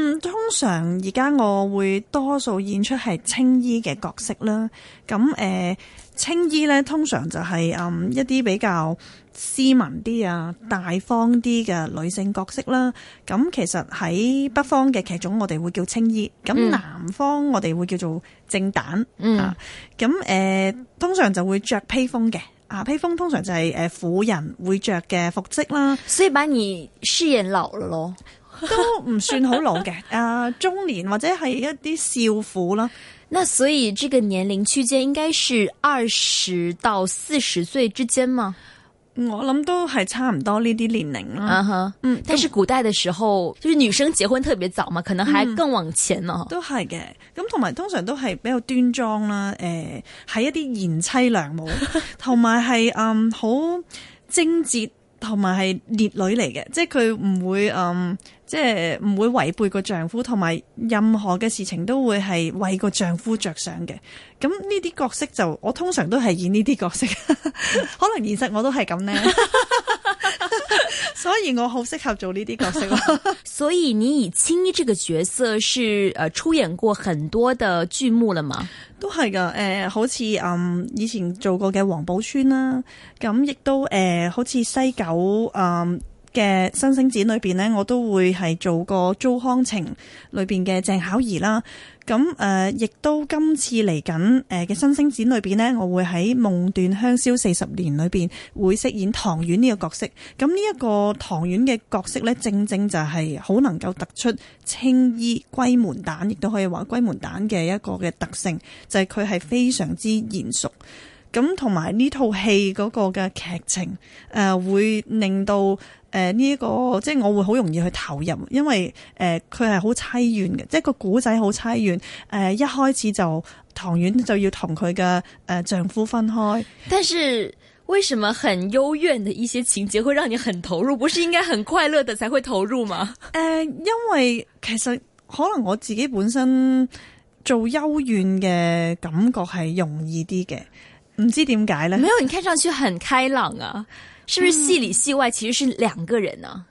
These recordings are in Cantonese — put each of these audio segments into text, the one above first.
嗯，通常而家我會多數演出係青衣嘅角色啦。咁誒、呃，青衣咧通常就係、是、嗯一啲比較斯文啲啊、大方啲嘅女性角色啦。咁其實喺北方嘅劇種，我哋會叫青衣。咁、嗯、南方我哋會叫做正旦。嗯。咁誒、啊呃，通常就會着披風嘅。啊，披風通常就係誒婦人會着嘅服飾啦。所以，反而輸人流了咯。都唔算好老嘅， 啊，中年或者係一啲少婦啦。那所以這個年齡區間應該是二十到四十歲之間嗎？我諗都係差唔多呢啲年齡啦。嗯哼、uh，huh. 嗯。但是古代嘅時候，嗯、就是女生結婚特別早嘛，可能還更往前咯、嗯。都係嘅。咁同埋通常都係比較端莊啦，誒、呃，係一啲賢妻良母，同埋係嗯好貞節。同埋係烈女嚟嘅，即係佢唔會嗯，即係唔會違背個丈夫，同埋任何嘅事情都會係為個丈夫着想嘅。咁呢啲角色就我通常都係演呢啲角色， 可能現實我都係咁咧。 所以我好適合做呢啲角色。 所以你以青衣這個角色是誒出演過很多的劇目了嗎？都係噶，誒、呃，好似嗯以前做過嘅《黃寶川》啦，咁、嗯、亦都誒、呃、好似《西九》嗯嘅《新星展》裏邊呢，我都會係做過《糟康情》裏邊嘅鄭巧儀啦。咁誒，亦都今次嚟緊誒嘅新星展裏邊呢，我會喺《夢斷香消四十年》裏邊會飾演唐婉呢個角色。咁呢一個唐婉嘅角色呢，正正就係好能夠突出青衣閨門旦，亦都可以話閨門旦嘅一個嘅特性，就係佢係非常之賢淑。咁同埋呢套戲嗰個嘅劇情，誒、呃、會令到誒呢一個即係我會好容易去投入，因為誒佢係好悽怨嘅，即係個古仔好悽怨。誒、呃、一開始就唐婉就要同佢嘅誒丈夫分開。但是為什麼很幽怨嘅一些情節會讓你很投入？不是應該很快樂的才會投入嘛？誒、呃，因為其實可能我自己本身做幽怨嘅感覺係容易啲嘅。唔知點解咧？沒有，你看上去很開朗啊， 是不是戲裏戲外其實是兩個人啊？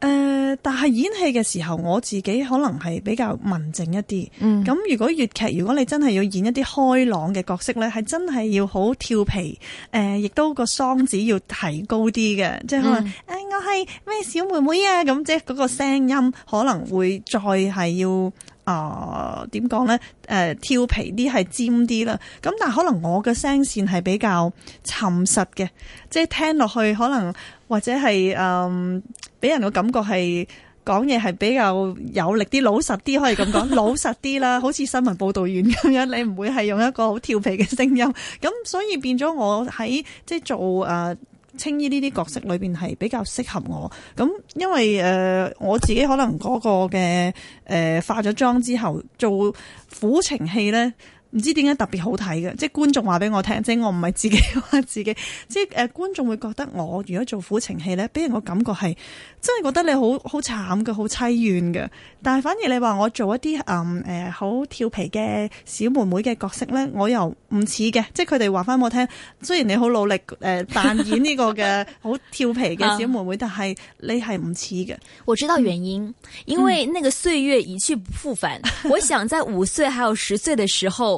誒、嗯呃，但係演戲嘅時候，我自己可能係比較文靜一啲。嗯，咁如果粵劇，如果你真係要演一啲開朗嘅角色咧，係真係要好調皮。誒、呃，亦都個嗓子要提高啲嘅，即係話誒，我係咩小妹妹啊？咁即係嗰個聲音可能會再係要。啊，呃呢呃、點講咧？誒，調皮啲係尖啲啦。咁但係可能我嘅聲線係比較沉實嘅，即係聽落去可能或者係誒，俾、呃、人嘅感覺係講嘢係比較有力啲、老實啲，可以咁講，老實啲啦， 好似新聞報道員咁樣，你唔會係用一個好調皮嘅聲音。咁所以變咗我喺即係做誒。呃青衣呢啲角色裏邊係比較適合我，咁因為誒、呃、我自己可能嗰個嘅誒、呃、化咗妝之後做苦情戲呢。唔知點解特別好睇嘅，即係觀眾話俾我聽，即係我唔係自己話自己，即係誒、呃、觀眾會覺得我如果做苦情戲咧，俾人個感覺係真係覺得你好好慘嘅，好凄怨嘅。但係反而你話我做一啲誒誒好調皮嘅小妹妹嘅角色咧，我又唔似嘅。即係佢哋話翻俾我聽，雖然你好努力誒、呃、扮演呢個嘅好調皮嘅小妹妹， 但係你係唔似嘅。我知道原因，嗯、因為那個歲月一去不復返。嗯、我想在五歲還有十歲嘅時候。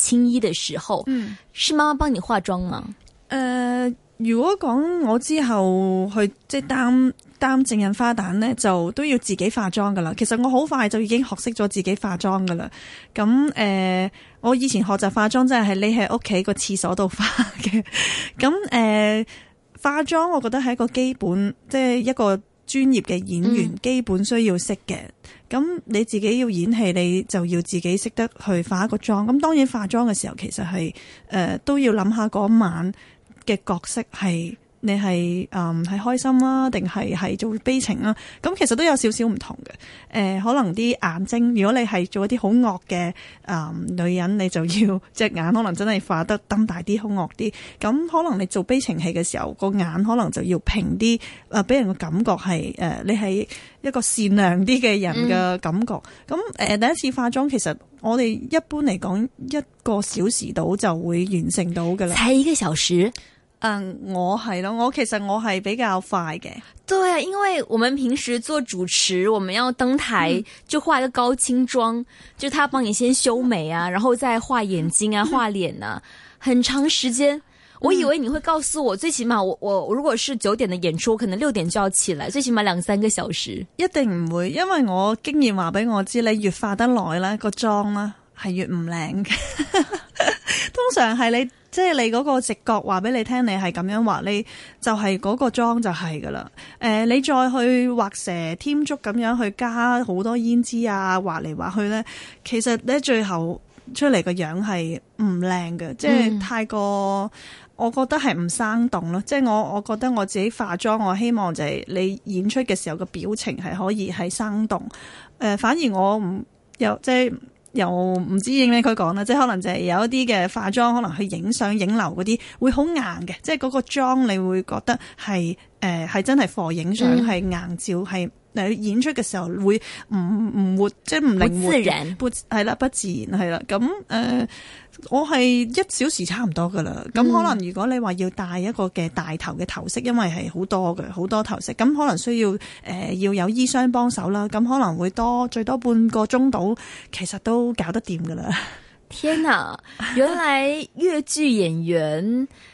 青衣嘅時候，嗯，是媽媽幫你化妝嗎？誒、呃，如果講我之後去即係擔擔正印花旦咧，就都要自己化妝噶啦。其實我好快就已經學識咗自己化妝噶啦。咁誒、呃，我以前學習化妝真係係匿喺屋企個廁所度化嘅。咁誒、呃，化妝我覺得係一個基本，即係一個。專業嘅演員基本需要識嘅，咁、嗯、你自己要演戲，你就要自己識得去化一個妝。咁當然化妝嘅時候，其實係誒、呃、都要諗下嗰晚嘅角色係。你係誒係開心啦、啊，定係係做悲情啦、啊？咁其實都有少少唔同嘅。誒、呃，可能啲眼睛，如果你係做一啲好惡嘅誒女人，你就要隻眼可能真係化得瞪大啲，好惡啲。咁可能你做悲情戲嘅時候，個眼可能就要平啲，誒、呃，俾人嘅感覺係誒、呃，你係一個善良啲嘅人嘅感覺。咁誒、嗯呃，第一次化妝，其實我哋一般嚟講，一個小時到就會完成到㗎喇。才一個小時。嗯，我係咯，我其實我係比較快嘅。對、啊，因為我們平時做主持，我們要登台、嗯、就化一個高清妝，就他幫你先修眉啊，然後再化眼睛啊、化臉、嗯、啊，很長時間。我以為你會告訴我，最起碼我我如果是九點的演出，我可能六點就要起來，最起碼兩三個小時。一定唔會，因為我經驗話俾我知，你越化得耐咧，個妝咧係越唔靚嘅。 通常係你。即係你嗰個直覺話俾你聽，你係咁樣畫，你就係嗰個妝就係噶啦。誒、呃，你再去畫蛇添足咁樣去加好多胭脂啊，畫嚟畫去咧，其實咧最後出嚟個樣係唔靚嘅，嗯、即係太過，我覺得係唔生動咯。即係我，我覺得我自己化妝，我希望就係你演出嘅時候個表情係可以係生動。誒、呃，反而我唔有即係。又唔知影唔佢講啦，即係可能就係有一啲嘅化妝，可能去影相影樓嗰啲會好硬嘅，即係嗰個妝你會覺得係誒係真係 for 影相係硬照係。演出嘅時候會唔唔活，即係唔靈活，不係啦，不自然係啦。咁誒、嗯，我係一小時差唔多噶啦。咁可能如果你話要戴一個嘅大頭嘅頭飾，因為係好多嘅，好多頭飾，咁可能需要誒、呃、要有衣箱幫手啦。咁可能會多最多半個鐘到，其實都搞得掂噶啦。天啊，原來粵劇演員。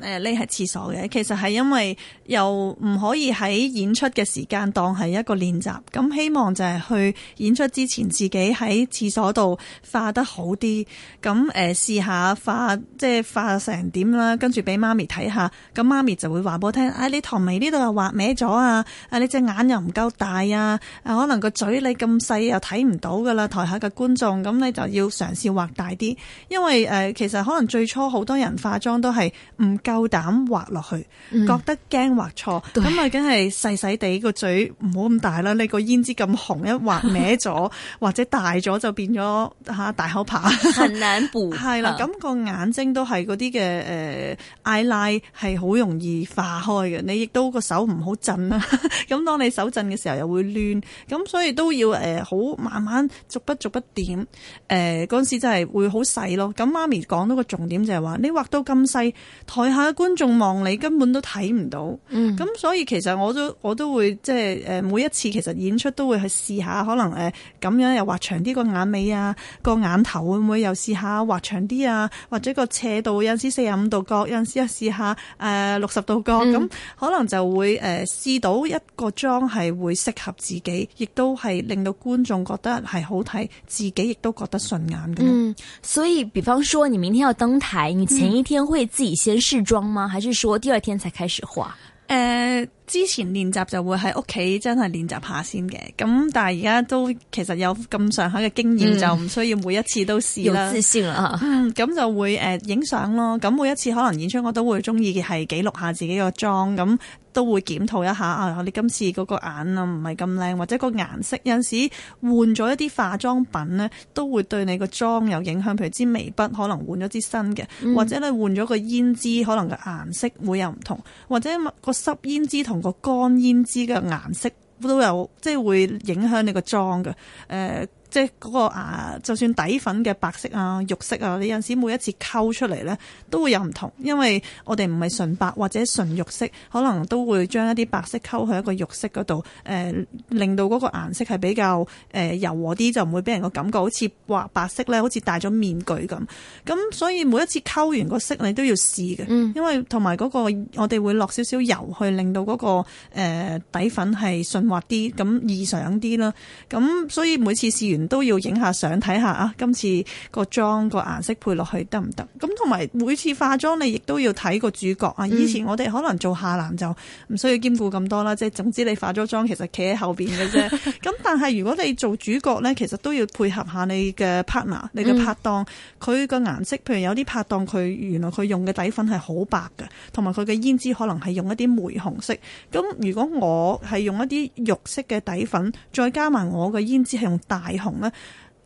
誒，匿喺廁所嘅，其實係因為又唔可以喺演出嘅時間當係一個練習，咁希望就係去演出之前自己喺廁所度化得好啲，咁誒試下化即係化成點啦，跟住俾媽咪睇下，咁媽咪就會話俾我聽，誒、哎、你唐眉呢度又畫歪咗啊，誒你隻眼又唔夠大啊，誒可能個嘴你咁細又睇唔到噶啦，台下嘅觀眾，咁你就要嘗試畫大啲，因為誒、呃、其實可能最初好多人化妝都係唔。夠膽畫落去，嗯、覺得驚畫錯，咁啊對，梗係細細地個嘴，唔好咁大啦。你個胭脂咁紅，一畫歪咗 或者大咗就變咗吓大口扒。很難補。係 啦，咁、個眼睛都係嗰啲嘅誒，eyeliner 係好容易化開嘅。你亦都個手唔好震啦、啊。咁當你手震嘅時候又會亂，咁所以都要誒、呃、好慢慢逐筆逐筆點。誒、呃，嗰陣時真係會好細咯。咁媽咪講到個重點就係話，你畫到咁細，台。下觀眾望你根本都睇唔到，咁、嗯、所以其實我都我都會即係誒每一次其實演出都會去試下，可能誒咁、呃、樣又畫長啲個眼尾啊，個眼頭會唔會又試下畫長啲啊？或者個斜度有時四十五度角，有時又試下誒六十度角，咁、嗯、可能就會誒試、呃、到一個妝係會適合自己，亦都係令到觀眾覺得係好睇，自己亦都覺得順眼嘅。嗯，所以比方說你明天要登台，你前一天會自己先試、嗯。嗯妝嗎？還是說第二天才開始化？誒、呃，之前練習就會喺屋企真係練習下先嘅，咁但係而家都其實有咁上下嘅經驗，嗯、就唔需要每一次都試啦。有自信啦，嗯，咁就會誒影相咯。咁每一次可能演出，我都會中意係記錄下自己個妝咁。都會檢討一下啊。你今次嗰個眼啊，唔係咁靚，或者個顏色有陣時換咗一啲化妝品呢，都會對你個妝有影響。譬如支眉筆可能換咗支新嘅，嗯、或者你換咗個胭脂，可能個顏色會有唔同，或者個濕胭脂同個乾胭脂嘅顏色都有，即係會影響你個妝嘅誒。呃即係嗰個啊，就算底粉嘅白色啊、肉色啊，你有陣時每一次溝出嚟咧，都會有唔同，因為我哋唔係純白或者純肉色，可能都會將一啲白色溝去一個肉色度，誒、呃、令到個顏色係比較誒、呃、柔和啲，就唔會俾人個感覺好似白白色咧，好似戴咗面具咁。咁所以每一次溝完個色你都要試嘅，嗯、因為同埋、嗰個我哋會落少少油去令到、嗰個誒、呃、底粉係順滑啲，咁易上啲啦。咁所以每次試完。都要影下相睇下啊！今次個妝個顏色配落去得唔得？咁同埋每次化妝你亦都要睇個主角啊！嗯、以前我哋可能做下欄就唔需要兼顧咁多啦，即係總之你化咗妝其實企喺後邊嘅啫。咁 但係如果你做主角咧，其實都要配合下你嘅 partner、你嘅拍檔。佢個顏色，譬如有啲拍檔佢原來佢用嘅底粉係好白嘅，同埋佢嘅胭脂可能係用一啲玫紅色。咁如果我係用一啲肉色嘅底粉，再加埋我嘅胭脂係用大咧，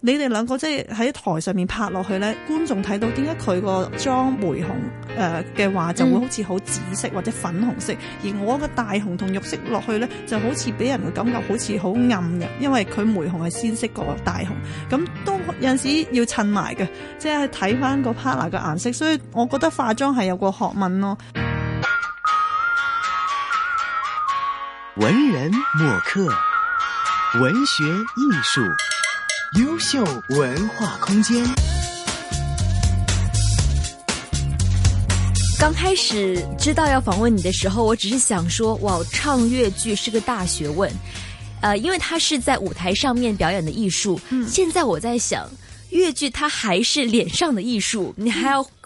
你哋兩個即係喺台上面拍落去咧，觀眾睇到點解佢個妝玫紅誒嘅話就會好似好紫色或者粉紅色，而我個大紅同肉色落去咧，就好似俾人嘅感覺好似好暗嘅，因為佢玫紅係鮮色過大紅，咁都有陣時要襯埋嘅，即係睇翻個 partner 嘅顏色，所以我覺得化妝係有個學問咯。文人墨客，文學藝術。優秀文化空間。剛開始知道要訪問你的時候，我只是想說，哇，唱粵劇是個大學問，呃，因為他是在舞台上面表演的藝術。嗯、現在我在想，粵劇它還是臉上的藝術，你還要。嗯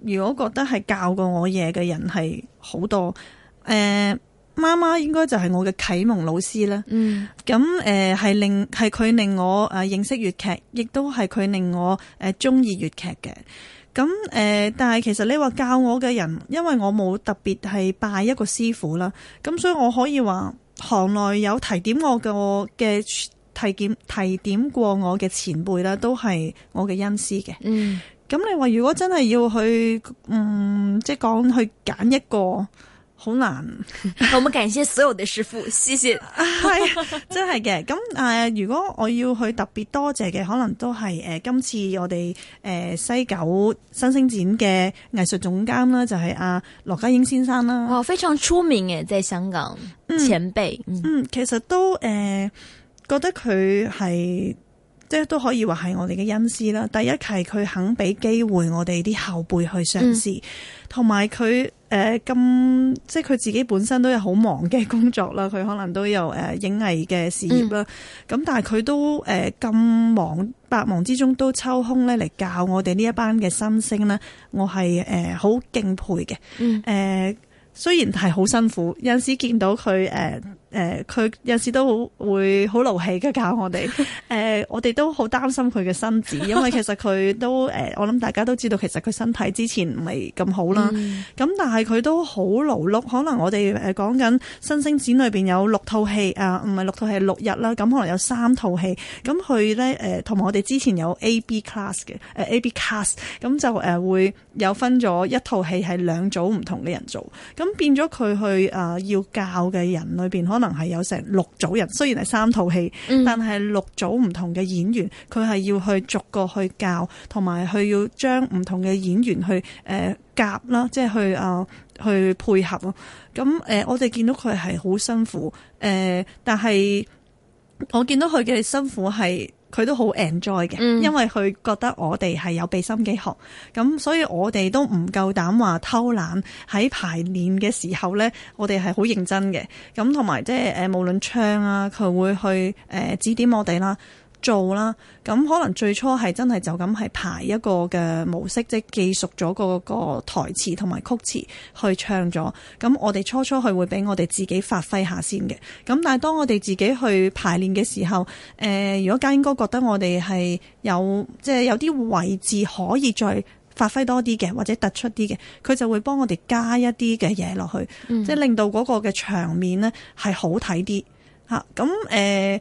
如果覺得係教過我嘢嘅人係好多，誒、呃，媽媽應該就係我嘅啟蒙老師啦。嗯，咁誒係令係佢令我誒認識粵劇，亦都係佢令我誒中意粵劇嘅。咁誒、呃，但係其實你話教我嘅人，因為我冇特別係拜一個師傅啦，咁所以我可以話，行內有提點我嘅我嘅提點提點過我嘅前輩啦，都係我嘅恩師嘅。嗯。咁你話如果真係要去，嗯，即係講去揀一個，好難。我們感謝所有的師傅，謝謝。係真係嘅。咁誒，如果我要去特別多謝嘅，可能都係誒、呃，今次我哋誒、呃、西九新星展嘅藝術總監啦，就係阿羅家英先生啦。哦，非常出名嘅，在香港前輩、嗯。嗯，其實都誒、呃、覺得佢係。即係都可以話係我哋嘅恩師啦。第一係佢肯俾機會我哋啲後輩去嘗試，同埋佢誒咁即係佢自己本身都有好忙嘅工作啦。佢可能都有誒、呃、影藝嘅事業啦。咁、嗯、但係佢都誒咁、呃、忙百忙之中都抽空咧嚟，教我哋呢一班嘅新星咧，我係誒好敬佩嘅。誒、嗯呃、雖然係好辛苦，有時見到佢誒。呃誒，佢、呃、有時都好會好勞氣嘅教我哋。誒、 呃，我哋都好擔心佢嘅身子，因為其實佢都誒、呃，我諗大家都知道，其實佢身體之前唔係咁好啦。咁、嗯、但係佢都好勞碌，可能我哋誒講緊新星展裏邊有六套戲啊，唔係六套戲，六日啦。咁可能有三套戲，咁佢咧誒，同、呃、埋我哋之前有 A、呃、B class 嘅誒 A、B class，咁就誒會有分咗一套戲係兩組唔同嘅人做，咁變咗佢去誒、呃、要教嘅人裏邊可。可能係有成六組人，雖然係三套戲，嗯、但係六組唔同嘅演員，佢係要去逐個去教，同埋佢要將唔同嘅演員去誒夾啦，即係去啊、呃、去配合咯。咁誒、呃，我哋見到佢係好辛苦，誒、呃，但係我見到佢嘅辛苦係佢都好 enjoy 嘅，因為佢覺得我哋係有俾心機學，咁所以我哋都唔夠膽話偷懶，喺排練嘅時候咧，我哋係好認真嘅，咁同埋即係誒無論唱啊，佢會去誒指點我哋啦。做啦，咁可能最初係真係就咁係排一個嘅模式，即係記熟咗個個台詞同埋曲詞去唱咗。咁我哋初初去會俾我哋自己發揮下先嘅。咁但係當我哋自己去排練嘅時候，誒、呃，如果嘉英哥覺得我哋係有即係、就是、有啲位置可以再發揮多啲嘅，或者突出啲嘅，佢就會幫我哋加一啲嘅嘢落去，嗯、即係令到嗰個嘅場面咧係好睇啲吓。咁、啊、誒。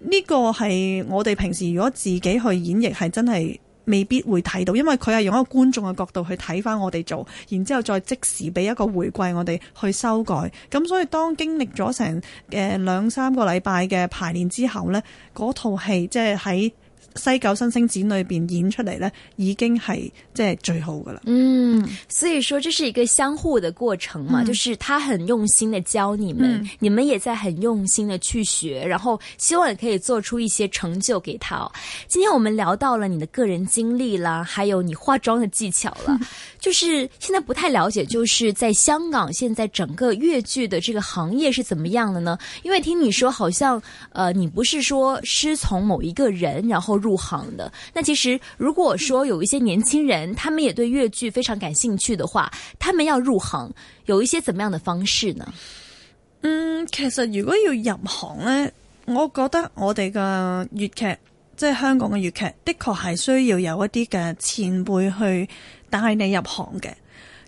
呢個係我哋平時如果自己去演繹係真係未必會睇到，因為佢係用一個觀眾嘅角度去睇翻我哋做，然之後再即時俾一個回饋我哋去修改。咁所以當經歷咗成誒、兩三個禮拜嘅排練之後，呢嗰套戲即係喺西九新星子裏邊演出嚟呢，已經係即係最好噶啦。嗯，所以說這是一個相互的過程嘛，嗯、就是他很用心的教你們，嗯、你們也在很用心的去學，然後希望也可以做出一些成就給他。今天我們聊到了你的個人經歷啦，還有你化妝的技巧啦， 就是現在不太了解，就是在香港現在整個粵劇的這個行業是怎麼樣的呢？因為聽你說，好像，呃，你不是說師從某一個人，然後入行嘅。那、嗯、其實如果說有一些年輕人，他們也對粵劇非常感興趣的話，他們要入行，有一些怎麼樣的方式呢？嗯，其實如果要入行呢，我覺得我哋嘅粵劇，即係香港嘅粵劇，的確係需要有一啲嘅前輩去帶你入行嘅。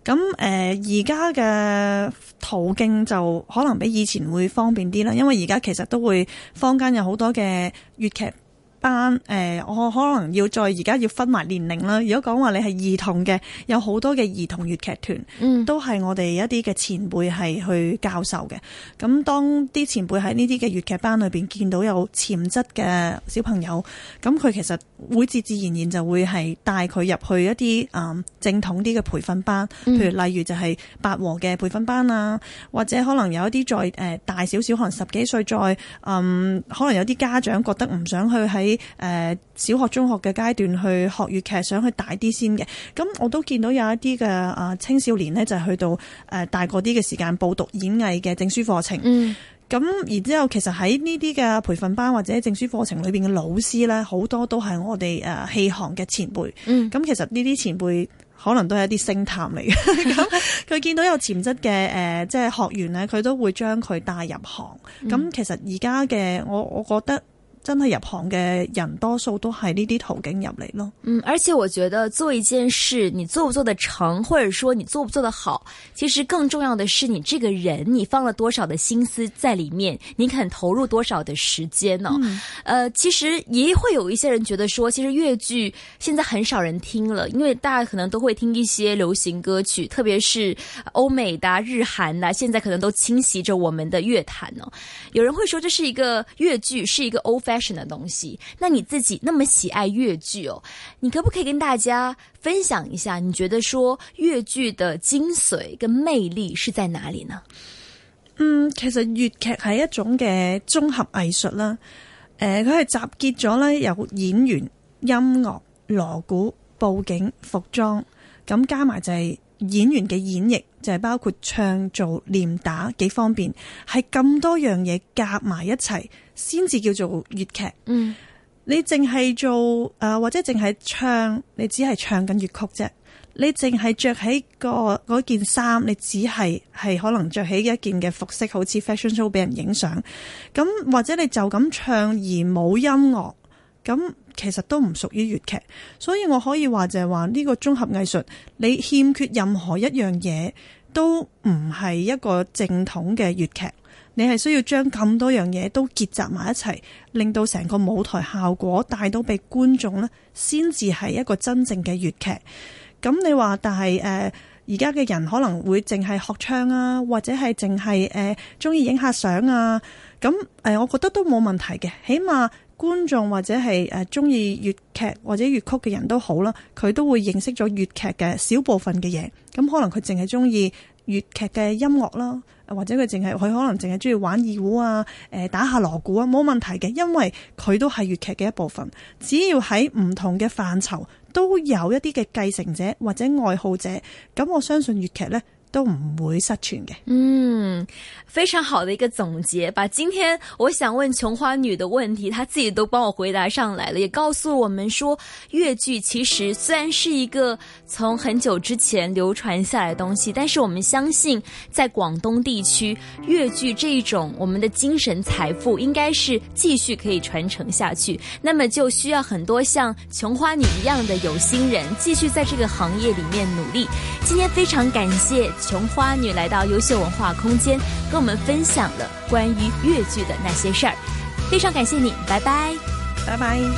咁誒，而家嘅途徑就可能比以前會方便啲啦，因為而家其實都會坊間有好多嘅粵劇。班誒、呃、我可能要再而家要分埋年齡啦。如果講話你係兒童嘅，有好多嘅兒童粵劇團，嗯、都係我哋一啲嘅前輩係去教授嘅。咁當啲前輩喺呢啲嘅粵劇班裏邊見到有潛質嘅小朋友，咁佢其實會自自然然就會係帶佢入去一啲誒正統啲嘅培訓班，嗯、譬如例如就係八和嘅培訓班啊，或者可能有一啲再誒大少少，可能十幾歲再嗯，可能有啲家長覺得唔想去喺。誒，小學、mm、中學嘅階段去學粵劇，想去大啲先嘅。咁我都見到有一啲嘅啊青少年呢，就去到誒大個啲嘅時間報讀演藝嘅證書課程。嗯，咁然之後，其實喺呢啲嘅培訓班或者證書課程裏邊嘅老師呢，好多都係我哋誒戲行嘅前輩。嗯，咁其實呢啲前輩可能都係一啲星探嚟嘅。咁佢見到有潛質嘅誒，即係學員呢，佢都會將佢帶入行。咁其實而家嘅我，我覺得。真係入行嘅人，多數都係呢啲途徑入嚟咯。嗯，而且我覺得做一件事，你做唔做得成，或者說你做唔做得好，其實更重要的是，你這個人，你放了多少的心思在裏面，你肯投入多少的時間呢、哦？嗯、呃，其實也會有一些人覺得說，其實粵劇現在很少人聽了，因為大家可能都會聽一些流行歌曲，特別是歐美啊、日韓啊，現在可能都侵襲着我們的樂壇咯、哦。有人會說，這是一個粵劇，是一個歐。fashion 的東西，那你自己那麼喜愛粵劇哦，你可不可以跟大家分享一下，你覺得說粵劇的精髓跟魅力是在哪裏呢？嗯，其實粵劇係一種嘅綜合藝術啦，誒、呃，佢係集結咗咧有演員、音樂、鑼鼓、布景、服裝，咁加埋就係、是。演員嘅演繹就係、是、包括唱做念打幾方便，係咁多樣嘢夾埋一齊先至叫做粵劇。嗯，你淨係做誒、呃，或者淨係唱，你只係唱緊粵曲啫。你淨係着起個嗰件衫，你只係係可能着起一件嘅服飾，好似 fashion show 俾人影相。咁或者你就咁唱，而冇音樂。咁其實都唔屬於粵劇，所以我可以話就係話呢個綜合藝術，你欠缺任何一樣嘢都唔係一個正統嘅粵劇。你係需要將咁多樣嘢都結集埋一齊，令到成個舞台效果帶到俾觀眾咧，先至係一個真正嘅粵劇。咁你話，但係誒而家嘅人可能會淨係學唱啊，或者係淨係誒中意影下相啊，咁誒、呃、我覺得都冇問題嘅，起碼。觀眾或者係誒中意粵劇或者粵曲嘅人都好啦，佢都會認識咗粵劇嘅小部分嘅嘢，咁可能佢淨係中意粵劇嘅音樂啦，或者佢淨係佢可能淨係中意玩二胡啊，誒打下鑼鼓啊，冇、啊、問題嘅，因為佢都係粵劇嘅一部分。只要喺唔同嘅範疇都有一啲嘅繼承者或者愛好者，咁我相信粵劇呢，都唔會失傳嘅。嗯，非常好的一個總結，把今天我想問瓊花女的問題，她自己都幫我回答上來了，也告訴我們說粵劇其實雖然是一個從很久之前流傳下來的東西，但是我們相信在廣東地區粵劇這種我們的精神財富，應該是繼續可以傳承下去。那麼就需要很多像瓊花女一樣的有心人，繼續在這個行業裏面努力。今天非常感謝。瓊花女來到優秀文化空間，跟我們分享了關於粵劇的那些事兒，非常感謝你，拜拜，拜拜。